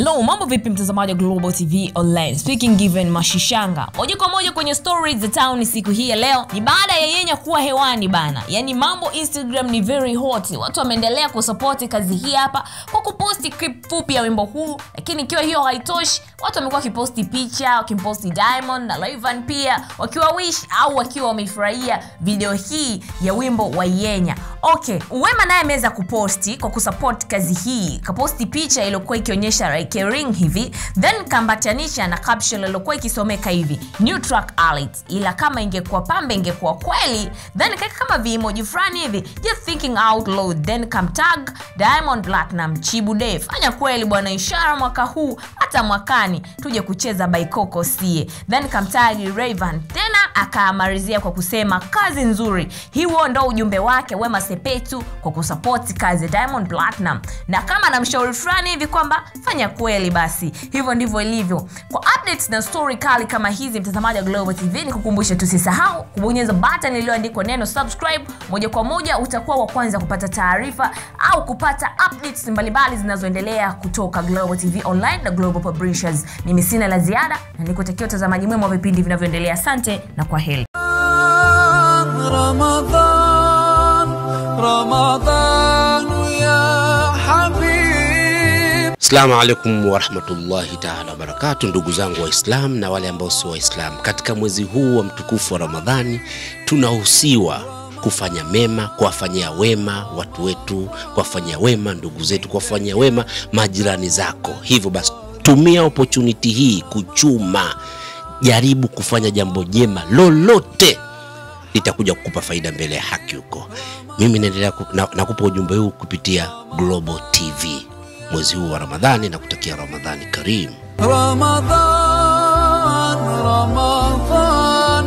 Hello, mambo vipi mtazamaji wa Global TV Online. Speaking given Mashishanga. Moja kwa moja kwenye stories za town siku hii ya leo ni baada ya Yenya kuwa hewani bana. Yaani mambo Instagram ni very hot. Watu wameendelea kusupport kazi hii hapa kwa kuposti clip fupi ya wimbo huu, lakini ikiwa hiyo haitoshi, watu wamekuwa wakiposti picha, wakimposti Diamond na Rayvanny pia, wakiwa wish au wakiwa wamefurahia video hii ya wimbo wa Yenya okay wema naye ameweza kuposti kwa kusupport kazi hii kaposti picha iliyokuwa ikionyesha like ring hivi then kambatanisha na caption iliyokuwa ikisomeka hivi new track alert ila kama ingekuwa pambe ingekuwa kweli then kaeka kama vimoji fulani hivi just thinking out loud then kamtag diamond platinum chibu day fanya kweli bwana ishara mwaka huu hata mwakani tuje kucheza baikoko sie then kamtag raven then akamalizia kwa kusema kazi nzuri hiwo ndo ujumbe wake wema sepetu kwa kusapoti kazi diamond platinum na kama mshauri fulani hivi kwamba fanya kweli basi hivyo ndivyo ilivyo kwa updates na story kali kama hizi mtazamaji wa Global TV ni kukumbusha tusisahau kubonyeza button iliyoandikwa neno subscribe moja kwa moja utakuwa wa kwanza kupata taarifa au kupata updates mbalimbali zinazoendelea kutoka Global TV Online na Global Publishers mimi sina la ziada na nikutakia utazamaji mwema wa vipindi vinavyoendelea asante na kwa heri Ramadan, Ramadan, Assalamu alaikum warahmatullahi taala wabarakatu, ndugu zangu waislam na wale ambao sio waislam katika mwezi huu wa mtukufu wa Ramadhani tunahusiwa kufanya mema, kuwafanyia wema watu wetu, kuwafanyia wema ndugu zetu, kuwafanyia wema majirani zako. Hivyo basi, tumia opportunity hii kuchuma, jaribu kufanya jambo jema lolote litakuja kukupa faida mbele ya haki huko. Mimi naendelea nakupa na ujumbe huu kupitia Global TV mwezi huu wa Ramadhani na kutakia Ramadhani karimu. Ramadhan, Ramadhan,